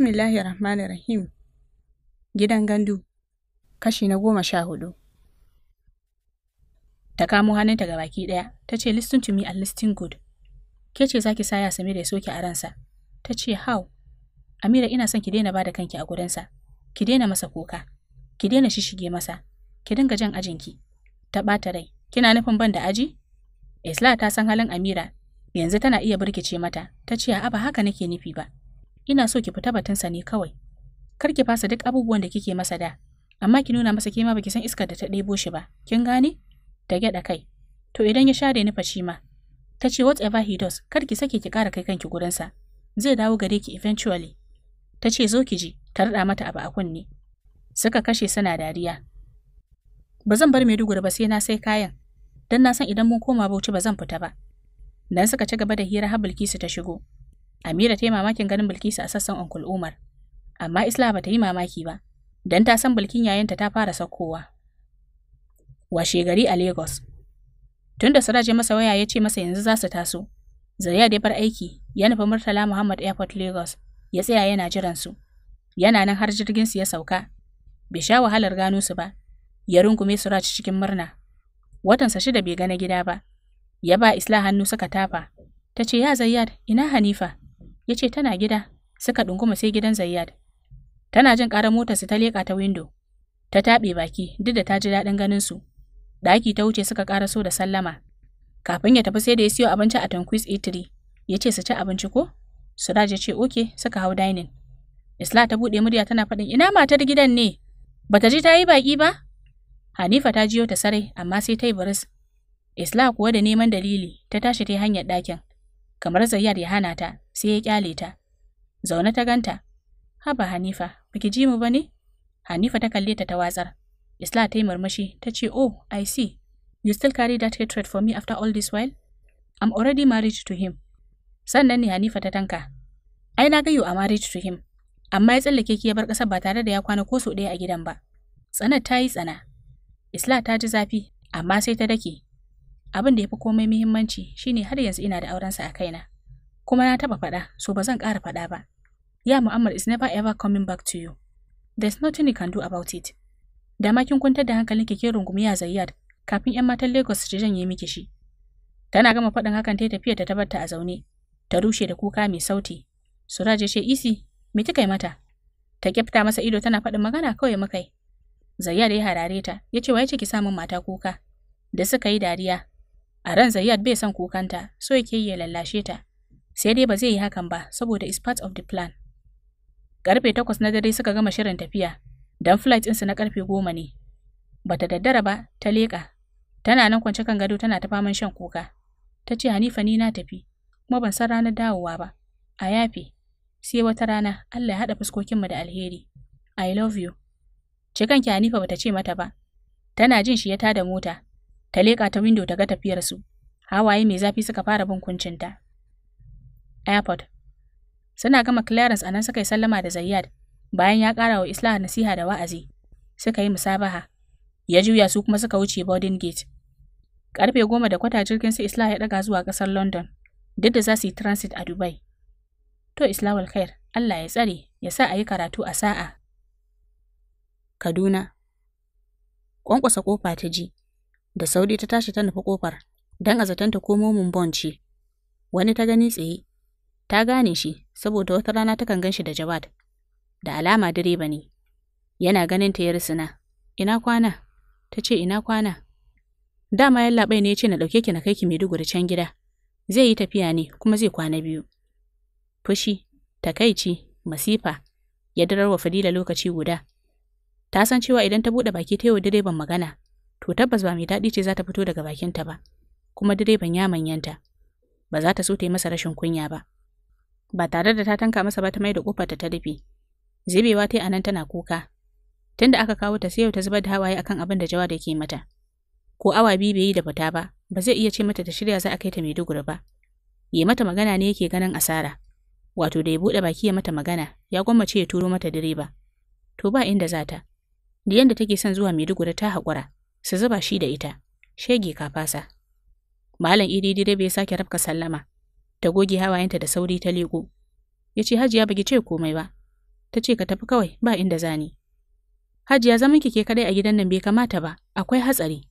Bismillahir Rahmanir Rahim. Gidan gandu, kashi na goma sha hudu. Ta kamo hannunta ga baki ɗaya, ta ce, Listen to me and listen good. Ke ce za ki saya Samira ya soke a ransa. Ta ce, How? Amira ina son ki daina ba da kanki a gurinsa. Ki daina masa kuka. Ki daina shishige masa. Ki dinga jan ajinki. Ta ɓata rai. Kina nufin ban da aji? Isla ta san halin Amira. Yanzu tana iya birkice mata. Ta ce, A'a ba haka nake nufi ba. ina so ki fita batunsa ne kawai kar ki fasa duk abubuwan da kike masa da amma ki nuna masa ke ma baki san iskar da ta ɗebo shi ba kin gane ta gyaɗa kai to idan ya share ni fashi ma ta ce whatever he does kar ki sake ki ƙara kai kanki gurinsa zai dawo gare ki eventually ta ce zo ki ji ta raɗa mata abu a kunne suka kashe suna dariya ba zan bar Maiduguri ba sai na sai kayan Dan na san idan mun koma Bauchi ba zan fita ba dan suka ci gaba da hira har Bilkisu ta shigo Amira ta yi mamakin ganin Bilkisu a sassan Uncle Umar, amma Isla ba ta yi mamaki ba, don ta san Bilkin yayanta ta fara saukowa. Washe gari a Lagos. Tun da Siraj masa waya ya ce masa yanzu za su taso, Zariya da bar aiki ya nufi Murtala Muhammad Airport Lagos ya tsaya yana jiran su. Yana nan har jirgin su ya sauka. Bai sha wahalar gano su ba. Ya rungume Suraj cikin murna. Watansa shida bai gana gida ba. Ya ba Isla hannu suka tafa. Ta ce ya Zayyad ina Hanifa. ya ce tana gida suka ɗunguma sai gidan zayyad tana jin ƙarar motarsu ta leƙa ta windo ta taɓe baki duk da ta ji daɗin ganin su ɗaki ta wuce suka ƙaraso da sallama kafin ya tafi sai da ya siyo abinci a tankwis 3 ya ce su ci abinci ko Suraj ya ce oke suka hau dining Isla ta buɗe murya tana faɗin ina matar gidan ne bata ji ta yi baƙi ba Hanifa ta jiyo ta sarai amma sai ta yi baris Isla kuwa da neman dalili ta tashi ta hanyar ɗakin kamar Zayyar ya hana ta sai ya kyale ta. Zaune ta ganta. Haba Hanifa, baki ji mu ne? Hanifa ta kalle ta ta watsar. Isla ta yi murmushi ta ce, "Oh, I see. You still carry that hatred for me after all this while? I'm already married to him." Sannan ne Hanifa ta tanka. Ai na ga you are married to him. Amma ya tsallake ki ya bar ƙasar ba tare da ya kwana ko so ɗaya a gidan ba. Tsanar ta yi tsana. Isla ta ji zafi, amma sai ta dake. abin da ya fi komai muhimmanci shine har yanzu ina da aurensa a kaina kuma na taba faɗa so ba zan ƙara faɗa ba ya mu'ammar is never ever coming back to you there's nothing you can do about it da ma kin kwantar da hankalin ki ke rungumi ya zayyad kafin yan matan lagos su janye miki shi tana gama faɗin hakan ta tafiya ta tabbata a zaune ta rushe da kuka mai sauti Suraje ce isi me kika yi mata ta kyafta masa ido tana faɗin magana kawai makai zayyad ya harare ta ya ce wa ya ce ki samun mata kuka da suka yi dariya A ran Zayyad bai son kukanta, so yake yi ya lallashe ta. Sai dai ba zai yi hakan ba saboda is part of the plan. Karfe takwas na dare suka gama shirin tafiya, dan flight ɗinsu na karfe goma ne. Bata daddara ba, ta leƙa. Tana nan kwance kan gado tana ta faman shan kuka. Ta ce Hanifa ni na tafi, kuma ban san ranar dawowa ba. A yafe, sai wata rana Allah ya haɗa fuskokinmu da alheri. I love you. Cikanki Hanifa bata ce mata ba. Tana jin shi ya tada mota, ta leƙa ta window ta ga tafiyarsu. Hawaye mai zafi suka fara bin kuncinta. Airport. Suna gama clearance a suka yi sallama da Zayyad bayan ya ƙara wa Islah nasiha da wa'azi. Suka yi musabaha. Ya juya su kuma suka wuce boarding gate. Karfe goma da kwata jirgin su Islah ya ɗaga zuwa ƙasar London, duk da za su yi transit a Dubai. To Islahul Khair, Allah ya tsare, ya sa a yi karatu a sa'a. Kaduna. Ƙwanƙwasa ƙofa ta ji, Da sauri ta tashi ta nufi kofar don a zaton ta min bon ci. Wani ta gani tsaye, ta gane shi saboda wata rana takan gan shi da Jawad. Da alama direba ne. Yana ganin ta ya Ina kwana? Ta ce ina kwana. Dama yallaɓai ne ya ce na dauke ki na kai ki Maiduguri can gida. Zai yi tafiya ne kuma zai kwana biyu. Fushi, takaici, masifa, ya dararwa Fadila lokaci guda. Ta san cewa idan ta buɗe baki ta yi wa direban magana, to tabbas ba mai daɗi ce za ta fito daga bakinta ba, kuma direban ya manyanta, ba za ta so ta yi masa rashin kunya ba. Ba tare da ta tanka masa ba ta mai da ƙofarta ta ta rufe, zubewa ta yi anan tana kuka, tunda aka kawo ta sai yau ta zubar da hawaye akan abin da jawa da ke mata. Ko awa biyu bai yi da fita ba, ba zai iya ce mata ta shirya za a kai ta Maiduguri ba. Yi mata magana ne yake ganin asara, wato da ya buɗe baki ya mata magana, ya gwammace ya turo mata direba. To ba inda za ta, da yadda take son zuwa Maiduguri ta haƙura. su zuba shi da ita, shege ka fasa. Malam ididi da bai sake rafka sallama, ta goge hawayenta da sauri ta leƙo. Ya ce hajiya baki ce komai ba, ta ce ka tafi kawai ba inda zani. Hajiya zaman ki ke kadai a gidan nan bai kamata ba, akwai hatsari.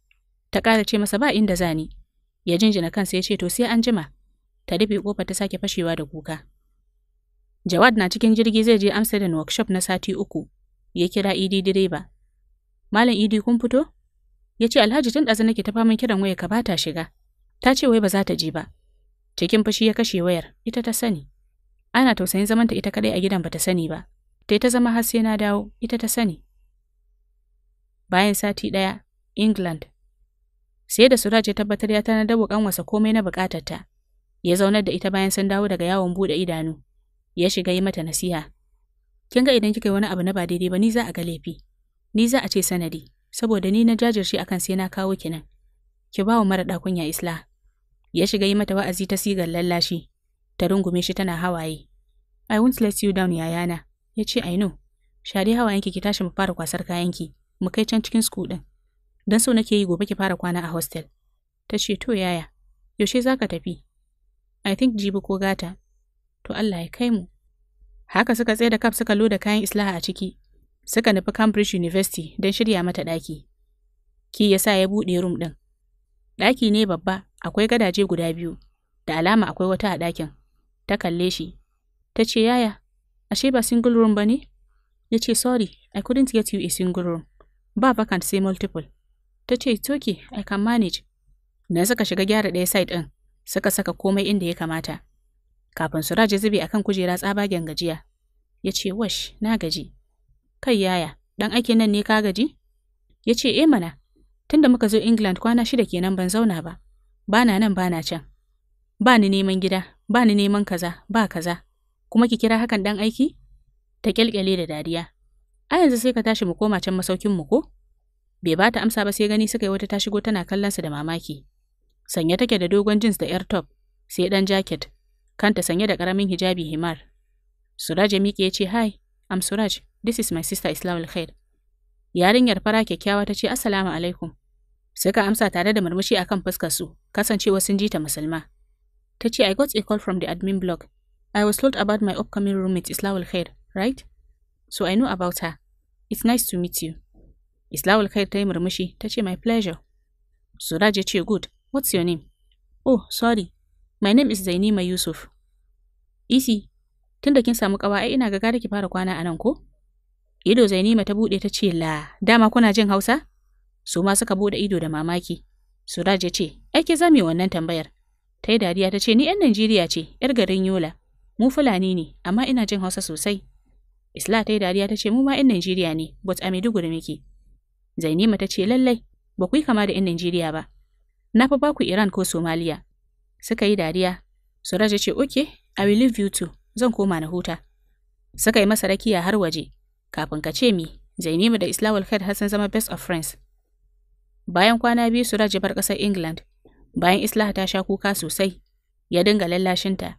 Ta ƙara ce masa ba inda zani. Ya jinjina kansa ya ce to sai an jima. Ta rufe kofar ta sake fashewa da kuka. Jawad na cikin jirgi zai je Amsa da workshop na sati uku. Ya kira Idi direba. Malam Idi kun fito? Ya ce Alhaji tun ɗazu nake ta faman kiran waya ka ba ta shiga. Ta ce wai ba za ta ji ba. Cikin fushi ya kashe wayar, ita ta sani. Ana tausayin zaman ta ita kadai a gidan ta sani ba. Ta ta zama har sai na dawo, ita ta sani. Bayan sati ɗaya, England. Sai da Suraj ya tabbatar ya tana dabo kanwasa komai na bukatarta. Ya zaunar da ita bayan sun dawo daga yawon bude idanu. Ya shiga yi mata nasiha. Kin ga idan kika wani abu na ba daidai ba ni za a ga laifi. Ni za a ce sanadi. saboda ni na jajirce akan sai na kawo ki nan. Ki ba wa mara kunya isla. Ya shiga yi mata wa'azi ta sigar lallashi, ta rungume shi tana hawaye. I won't let you down yayana, ya ce I know. Share hawayen ki tashi mu fara kwasar ki mu kai can cikin school ɗin. Dan so nake yi gobe ki fara kwana a hostel. Ta ce to yaya, yaushe za ka tafi? I think jibi ko gata. To Allah ya kai mu. Haka suka tsaye da kaf suka loda kayan islaha a ciki, suka nufi Cambridge University don shirya mata ɗaki. Ki ya sa ya buɗe rum ɗin. Ɗaki ne babba, akwai gadaje guda biyu, da alama akwai wata a ɗakin. Ta kalle shi. Ta ce, Yaya, ashe ba single room ba ne? Ya ce, Sorry, I couldn't get you a single room. Ba vacant sai multiple. Ta ce, It's okay, I can manage. Na suka shiga gyara ɗaya side ɗin, suka saka komai inda ya kamata. Kafin su raje zube akan kujera tsabagen gajiya. Ya ce, Wash, na gaji. Kai yaya, dan aikin nan ne ka gaji? Ya ce, eh mana, tunda muka zo England kwana shida kenan ban zauna ba, bana nan bana can. Ba ni neman gida, ba ni neman kaza, ba kaza. Kuma ki kira hakan dan aiki? Ta kyalkyale da dariya. A yanzu sai ka tashi mu koma can masaukin mu ko? Bai ba ta amsa ba sai gani suka yi wata ta shigo tana kallon su da mamaki. Sanye take da dogon jeans da air top, sai dan jacket, kanta sanye da karamin hijabi himar. Suraj ya mike ya ce, "Hi, am Suraj." This is my sister al Khair. Yarinyar fara kyakkyawa ta ce Assalamu alaikum. Suka amsa tare da murmushi akan fuskar su, kasancewa sun ji ta musulma. Ta ce I got a call from the admin blog. I was told about my upcoming roommate al Khair, right? So I know about her. It's nice to meet you. al Khair ta yi murmushi, ta ce my pleasure. Suraj ya ce good. What's your name? Oh, sorry. My name is Zainima Yusuf. Isi, tunda kin samu kawa ai ina ga gare ki fara kwana a nan ko? Ido Zainima ta buɗe ta ce la, dama kuna jin Hausa? Su ma suka buɗe ido da mamaki. Suraj ya ce, "Ai za mu wannan tambayar. tai dariya ta ce, ni 'yan Najeriya ce, 'yar garin Yola. Mu Fulani ne, amma ina jin Hausa sosai. Isla tai dariya ta ce, mu ma 'yan Najeriya ne, but a Maiduguri muke. Zainima ta ce, lallai, ba ku yi kama da 'yan Najeriya ba. Na fa baku Iran ko somaliya. Suka yi dariya. Suraj ya ce, okay, I will leave you too. Zan koma na huta. Suka yi masa rakiya har waje. Kafin ka ce mi, Zainimu da Islawul Khair har sun zama best of friends. Bayan kwana biyu su raje bar ƙasar England, bayan Islah ta sha kuka sosai, ya dinga lallashinta.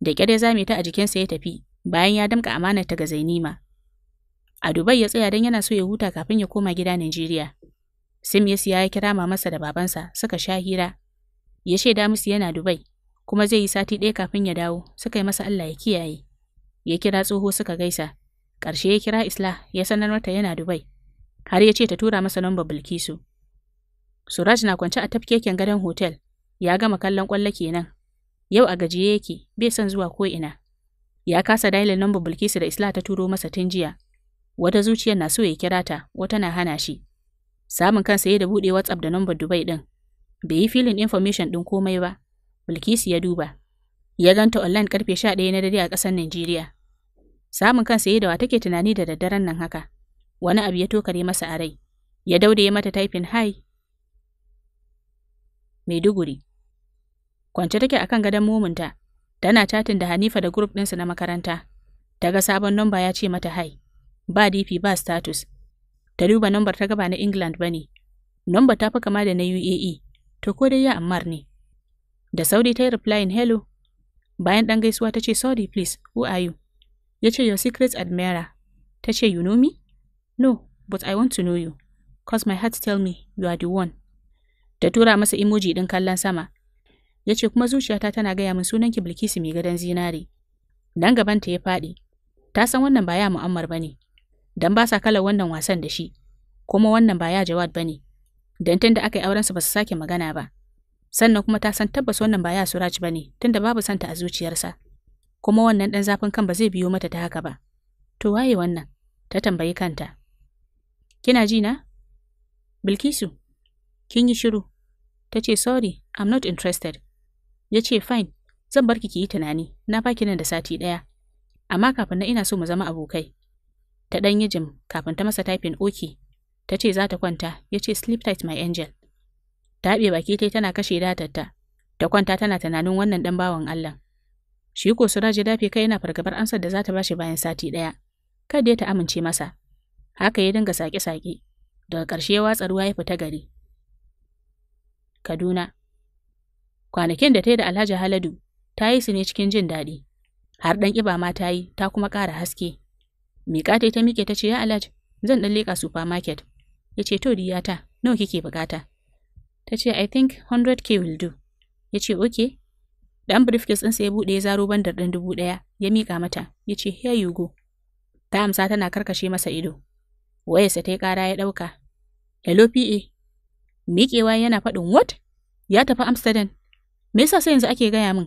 Da ƙyar ya zame ta a jikinsa ya tafi, bayan ya damƙa ta ga Zainima. A Dubai ya tsaya don yana so ya huta kafin ya koma gida Najeriya. Sim ya siya ya kira mamarsa da babansa suka sha hira. Ya shaida musu yana Dubai, kuma zai yi sati ɗaya kafin ya dawo, suka yi masa Allah ya kiyaye. Ya kira tsoho suka gaisa, Ƙarshe ya kira Isla ya sanar mata yana Dubai, har ya ce ta tura masa lambar Bilkisu. Suraj na kwance a tafkeken gadon hotel, ya gama kallon ƙwallo kenan. Yau a gajiye yake, bai son zuwa ko ina. Ya kasa dailin lambar Bilkisu da Isla ta turo masa tun jiya. Wata zuciyar na so ya kira ta, wata na hana shi. Samun kansa ya da buɗe WhatsApp da lambar Dubai ɗin. Bai yi filin information ɗin komai ba. Bilkisu ya duba. Ya ganta online karfe 11 na dare a ƙasar Najeriya. Samun kansa yi da wa take tunani da daddaren nan haka. Wani abu ya tokare masa a rai. Ya daude ya mata taifin hai. Maiduguri. Kwance take akan gadon mumunta. Tana catin da Hanifa da group ɗinsu na makaranta. Daga sabon nomba ya ce mata hai. Ba DP ba status. Ta duba nombar ta gaba na England ba ne. Nomba ta fi kama da na UAE. To ko dai ya ammar ne. Da sauri ta yi replying hello. Bayan ɗan gaisuwa ta ce sorry please, who are you? Ya ce, Your secret admirer. Ta ce, You know me? No, but I want to know you. Cause my heart tell me you are the one. Ta tura masa emoji din kallon sama. Ya ce, Kuma zuciyata tana gaya min sunan bilkisi mai gadon zinare. Dan ta ya faɗi. Ta san wannan ba ya mu'ammar ba ne. Dan ba sa kalar wannan wasan da shi. Kuma wannan ba ya jawad ba ne. Dan tun da aka yi aurensu ba su sake magana ba. Sannan kuma ta san tabbas wannan ba ya Suraj ba ne, tunda babu santa a zuciyarsa. kuma wannan ɗan zafin kan ba zai biyo mata ta haka ba. To waye wannan? Ta tambayi kanta. Kina ji na? Bilkisu, kin yi shiru. Ta ce, sorry, I'm not interested. Ya ce, fine, zan bar ki yi tunani, na baki nan da sati ɗaya. Amma kafin na ina so mu zama abokai. Ta ɗan yi jim kafin ta masa taifin oke. Ta ce za ta kwanta, ya ce, sleep tight my angel. Ta haɓe baki tai tana kashe datarta. Ta kwanta tana tunanin wannan ɗan bawan Allah. Shi ko ya dafe kai yana fargabar ansar da za ta bashi bayan sati ɗaya. Kada ta amince masa. Haka ya dinga saƙe-saƙe. Daga ƙarshe ya watsa ruwa ya fita gari. Kaduna. Kwanakin da ta yi da Alhaji Haladu ta yi su ne cikin jin daɗi. Har ɗan ƙiba ma ta yi ta kuma ƙara haske. Miƙa ta ta miƙe ta ce ya Alhaji zan ɗan leƙa supermarket. Ya ce to diyata nawa kike buƙata? Ta ce I think 100k will do. Ya ce okay Dan briefcase ɗinsa ya buɗe ya zaro bandar ɗin dubu ɗaya, ya mika mata, ya ce, Here you go. Ta amsa tana karkashe masa ido. Wayarsa ta yi ƙara ya ɗauka. Hello PA. Miƙewa yana faɗin what? Ya tafi Amsterdam. Me yasa sai yanzu ake gaya min?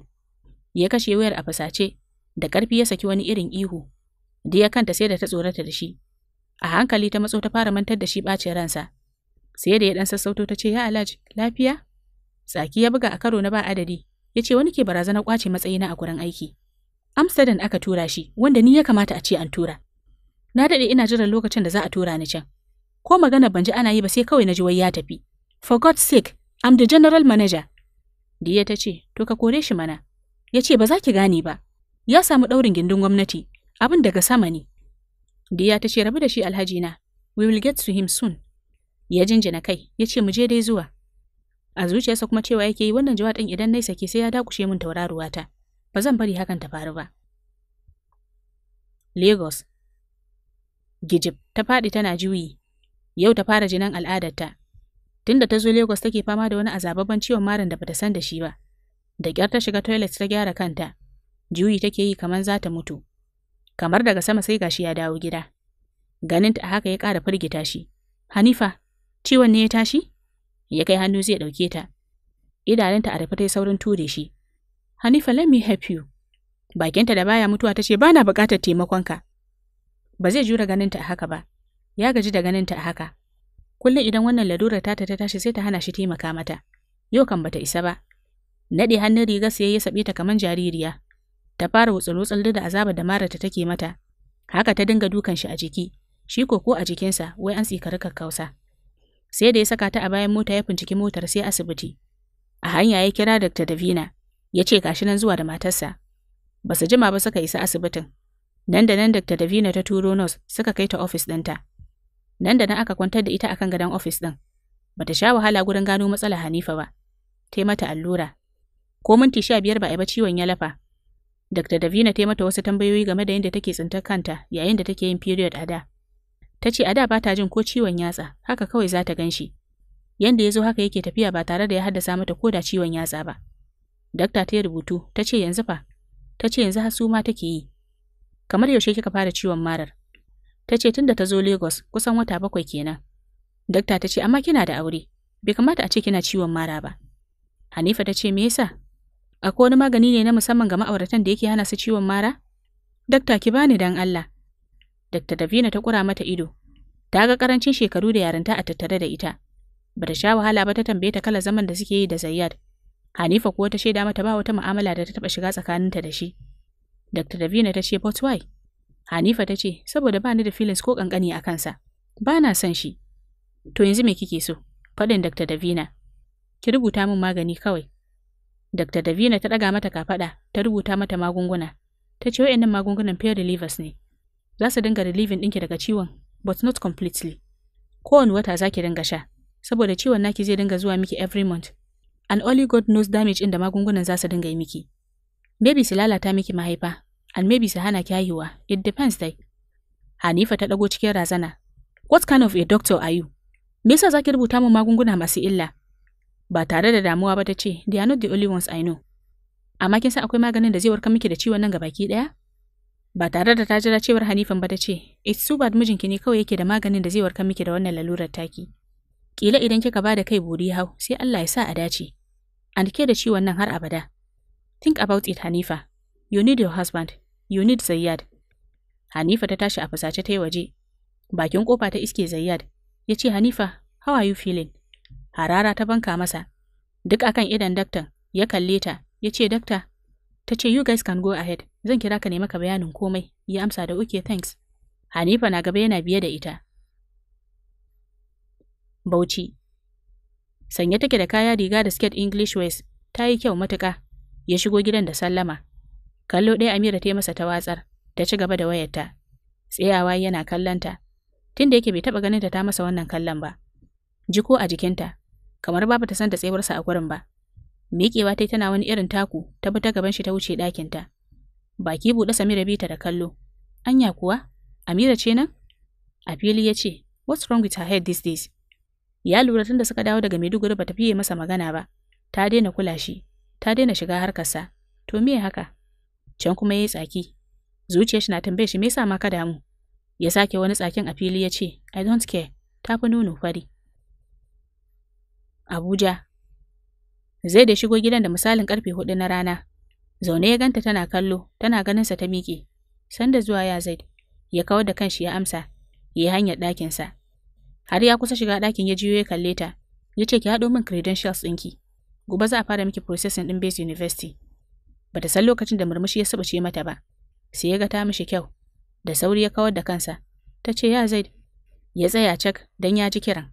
Ya kashe wayar a fasace, da ƙarfi ya saki wani irin ihu. da ya kanta sai da ta tsorata da shi. A hankali ta matso ta fara mantar da shi ɓacin ransa. Sai da ya dan sassauto ta ce, Ya alaji lafiya? Tsaki ya buga a karo na ba adadi, ya ce wani ke barazanar kwace matsayina a gurin aiki. Amsterdam aka tura shi, wanda ni ya kamata a ce an tura. Na daɗe ina jiran lokacin da za a tura ni can. Ko magana ban ji ana yi ba sai kawai na ji wai ya tafi. For God's sake, I'm the general manager. Diya ta ce, to ka kore shi mana. Ya ce ba za ki gane ba. Ya samu ɗaurin gindin gwamnati, abin daga sama ne. Diya ta ce rabu da shi alhaji na. We will get to him soon. Ya jinjina kai, ya ce mu je dai zuwa. a zuciyarsa kuma cewa yake yi wannan jawa ɗin idan nai sake sai ya dakushe min ta. ba zan bari hakan ta faru ba Lagos Gijib ta faɗi tana juyi yau ta fara jinan al'adarta tunda ta zo Lagos take fama da wani azababban ciwon marin da bata san da shi ba da kyar ta shiga toilet ta gyara kanta juyi take yi kamar za ta mutu kamar daga sama sai gashi ya dawo gida Ganinta a haka ya ƙara firgita shi Hanifa ciwon ne ya tashi ya kai hannu zai ɗauke ta. Idanunta a rufe ta saurin ture shi. Hanifa, let me help you. Bakinta da baya mutuwa ta ce ba na buƙatar taimakonka. Ba zai jura ganinta a haka ba. Ya gaji da ganinta a haka. Kullum idan wannan lalurar ta ta tashi sai ta hana shi taimaka mata. Yau kan bata isa ba. Naɗe hannun rigar sai ya saɓe ta kamar jaririya. Ta fara wutsul-wutsul da azaba da ta take mata. Haka ta dinga dukan shi a jiki. Shi ko ko a jikinsa wai an tsikari kakkausa. sai da ya saka ta a bayan mota ya finciki motar sai asibiti. A hanya ya kira Dr. Davina, ya ce gashi nan zuwa da matarsa. Ba su jima ba suka isa asibitin. Nan da nan Dr. Davina ta turo nurse suka kai ta ofis ɗinta. Nan da nan aka kwantar da ita akan gadon ofis ɗin. Bata sha wahala gurin gano matsalar Hanifa ba. Ta mata allura. Ko minti sha biyar ba a yi ba ciwon ya lafa. Dr. Davina ta mata wasu tambayoyi game da yadda take tsintar kanta yayin da take yin period a da. Ta ce a da ba ta jin ko ciwon yatsa, haka kawai za ta gan shi. Yanda ya zo haka yake tafiya ba tare da ya haddasa mata ko da ciwon yatsa ba. Dakta ta yi rubutu, ta ce yanzu fa, ta ce yanzu hasu ma take yi. Kamar yaushe kika fara ciwon marar? Ta ce tunda ta zo Lagos kusan wata bakwai kenan. Dakta ta ce amma kina da aure, bai kamata a ce kina ciwon mara ba. Hanifa ta ce me yasa? Akwai wani magani ne na musamman ga ma'auratan da yake hana su ciwon mara? Dakta ki bani dan Allah. Dr. Davina ta kura mata ido. Ta ga karancin shekaru da yarinta a tattare da ita. Ba ta sha wahala ba ta tambaye ta kala zaman da suke yi da Zayyad. Hanifa kuwa ta shaida mata ba wata mu'amala da ta taba shiga tsakaninta da shi. Dr. Davina ta ce, "But why?" Hanifa ta ce, "Saboda ba ni da feelings ko kankani a kansa. Ba na son shi." To yanzu me kike so? Faɗin Dr. Davina. Ki rubuta min magani kawai. Dr. Davina ta ɗaga mata kafaɗa, ta rubuta mata magunguna. Ta ce waɗannan magungunan pain relievers ne. za su dinga relieving ɗinki daga ciwon but not completely. Kowane wata za ki dinga sha, saboda ciwon naki zai dinga zuwa miki every month. And only God knows damage inda magungunan za su dinga yi miki. Maybe su lalata miki mahaifa, and maybe su hana ki haihuwa, it depends dai. Hanifa ta ɗago cikin razana. What kind of a doctor are you? Me yasa za ki rubuta min magunguna masu illa? Ba tare da damuwa ba ta ce, they are not the only ones I know. Amma kin san akwai maganin da zai warkar miki da ciwon nan gabaki ɗaya? Ba tare da ta jira cewar Hanifan ba ta ce, "It's too bad mijinki ne kawai yake da maganin da zai warka miki da wannan lalurar taki." Kila idan kika ba da kai buri hau, sai Allah ya sa a dace. An ke da ciwon nan har abada. Think about it, Hanifa. You need your husband. You need Zayyad. Hanifa ta tashi a fusace ta yi waje. Bakin kofa ta iske Zayyad. Ya ce, Hanifa, how are you feeling? Harara ta banka masa. Duk akan idan daktan, ya kalle ta, ya ce, Dakta, Ta ce, You guys can go ahead, zan kira ka nemi maka bayanin komai, ya amsa da uke, thanks. Hanifa na gaba yana biye da ita. Bauchi. Sanye take da kaya riga da skirt English ways ta yi kyau matuƙa, ya shigo gidan da sallama. Kallo ɗaya Amira ta yi masa ta watsar, ta ci gaba da wayarta. Tsayawa yana kallonta. Tun da yake bai taɓa ganin ta ta masa wannan kallon ba. Jiko a jikinta, kamar babu ta san da tsayuwarsa a gurin ba. Miƙewa ta tana wani irin taku, ta bi ta gaban shi ta wuce ɗakinta. Baki buɗe Samira bi ta da kallo. Anya kuwa, Amira ce nan? A fili ya ce, What's wrong with her head these days? Ya lura tun da suka dawo daga Maiduguri ba ta fiye masa magana ba. Ta daina kula shi, ta daina shiga harkarsa. To me haka? Can kuma ya yi tsaki. Zuciyar shi na tambaye shi me yasa ma ka damu? Ya sake wani tsakin a fili ya ce, I don't care, ta fi nono fari. Abuja, Zai da shigo gidan da misalin karfe hudu na rana. Zaune ya ganta tana kallo, tana ganinsa ta miƙe. Sanda zuwa ya zai. ya kawar da kanshi ya amsa, ya hanyar ɗakinsa. Har ya kusa shiga ɗakin ya jiyo ya kalle ta, ya ce ki haɗo min credentials ɗinki. Gobe za a fara miki processing ɗin Base University. Bata san lokacin da murmushi ya sabace mata ba, sai ya ga ta mishi kyau. Da sauri ya kawar da kansa, ta ce ya zai. ya tsaya cak don ya ji kiran.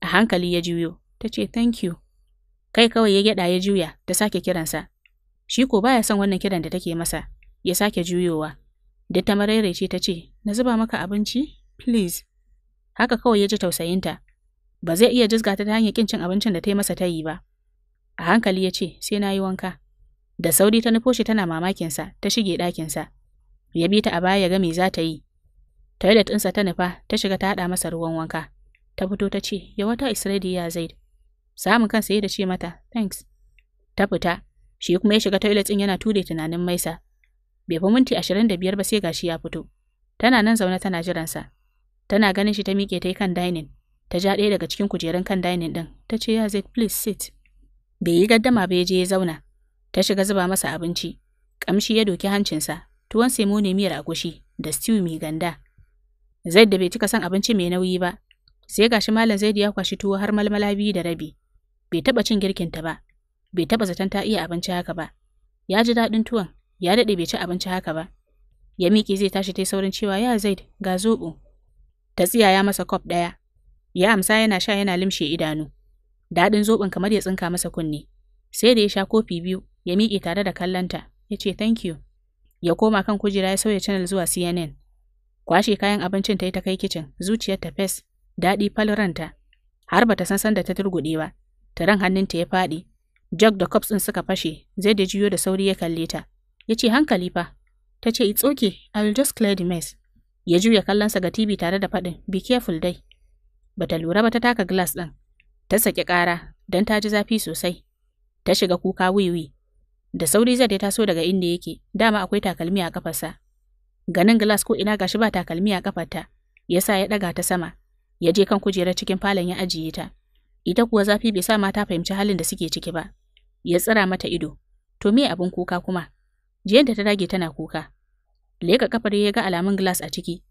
A hankali ya juyo, ta ce thank you. Kai kawai ya gyaɗa ya juya ta sake kiransa. Shi ko baya son wannan kiran da take masa, ya sake juyowa. Da ta maraice ta ce, Na zuba maka abinci? Please. Haka kawai ya ji tausayinta. Ba zai iya jizga ta hanyar kin cin abincin da ta yi masa ta yi ba. A hankali ya ce, Sai na yi wanka. Da sauri ta nufo shi tana mamakinsa, ta shige ɗakinsa. Ya bi ta a baya ya ga me za ta yi, Toilet ɗinsa ta nufa ta shiga ta haɗa masa ruwan wanka. Ta fito ta ce, Yawata Israeli ya Zaid, Samun kansa yi da ce mata, thanks. Ta fita, shi kuma ya shiga toilet ɗin yana ture tunanin maisa. Bai fi minti ashirin da biyar ba sai gashi ya fito. Tana nan zaune tana jiransa. Tana ganin shi ta miƙe ta yi kan dining. Ta ja ɗaya daga cikin kujerun kan dining ɗin. Ta ce, ya zai please sit. Bai yi gaddama ba ya je ya zauna. Ta shiga zuba masa abinci. Kamshi ya doki hancinsa. Tuwon semo ne miyar agushi da stew mai ganda. Zaid da bai cika son abinci mai nauyi ba, sai gashi Malam Zaid ya kwashi tuwo har malmala biyu da rabi. bai taɓa cin girkinta ba, bai taɓa zaton ta iya abinci haka ba. Ya ji daɗin tuwon, ya daɗe bai ci abinci haka ba. Ya miƙe zai tashi ta saurin cewa ya Zaid ga zoɓo. Ta ya masa kwaf ɗaya. Ya amsa yana sha yana limshe idanu. Daɗin zoɓin kamar ya tsinka masa kunne. Sai da ya sha kofi biyu, ya miƙe tare da kallonta, ya ce thank you. Ya koma kan kujera ya sauya channel zuwa CNN. Kwashe kayan abincin ta yi ta kai kicin, zuciyar ta fes, daɗi falranta. Har bata san san da ta turgude ba. Taron hannunta ya faɗi. Jug da cops ɗin suka fashe, zai da jiyo da sauri ya kalle ta. Ya ce hankali fa. Ta ce it's okay, I will just clear the mess. Ya juya kallonsa ga TV tare da faɗin, be careful dai. Bata lura ba ta taka glass ɗin. Ta saki ƙara, Dan ta ji zafi sosai. Ta shiga kuka wiwi. Da sauri zai ta taso daga inda yake, dama akwai takalmi a kafarsa. Ganin glass ko ina gashi ba takalmi a kafarta, yasa ya ɗaga ta sama. Ya je kan kujerar cikin falon ya ajiye ta. ita kuwa zafi bai sa mata fahimci halin da suke ciki ba. Ya tsira mata ido. To me abin kuka kuma? da ta dage tana kuka. Leka kafar ya ga alamun glass a ciki.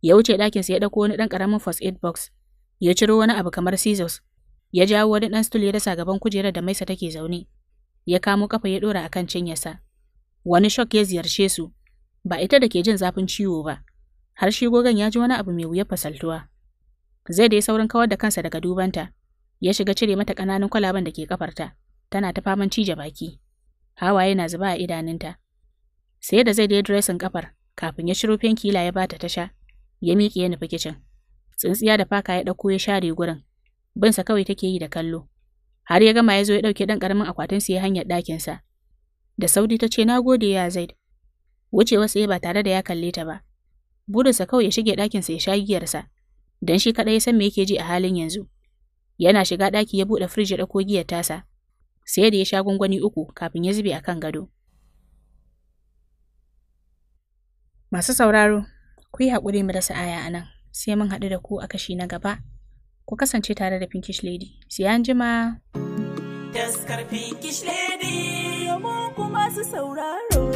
Ya wuce ɗakin sa ya ɗauko wani ɗan ƙaramin first aid box. Ya ciro wani abu kamar scissors. Ya jawo wani ɗan stool ya dasa gaban kujerar da maisa take zaune. Ya kamo kafa ya ɗora akan sa. Wani shock ya ziyarce su. Ba ita da ke jin zafin ciwo ba. Har shi gogon ya ji wani abu mai wuya fasaltuwa. Zai da saurin kawar da kansa daga dubanta. ya shiga cire mata ƙananan kwalaban da ke kafarta tana ta faman cije baki hawaye na zuba a idanunta sai da zai da dresin kafar kafin ya shiro fenkila ya bata ta sha ya miƙe ya nufi kicin tsintsiya da faka ya ɗauko ya share gurin binsa kawai take yi da kallo har ya gama ya zo ya ɗauke ɗan ƙaramin akwatin ya hanyar ɗakinsa da saudi ta ce na gode ya zaid wucewa tsaye ba tare da ya kalle ta ba burinsa kawai ya shige ɗakinsa ya sha giyarsa don shi kaɗai ya san me yake ji a halin yanzu Yana shiga ɗaki ya buɗe firij da ɗauko giyar tasa. Sai da ya sha gwangwani uku kafin ya zube a kan gado. Masu sauraro, ku yi haƙuri mu rasa aya a nan, sai mun haɗu da ku a kashi na gaba. Ku kasance tare da Pinkish Lady. Sai an jima. Daskar Pinkish Lady, mu kuma su sauraro.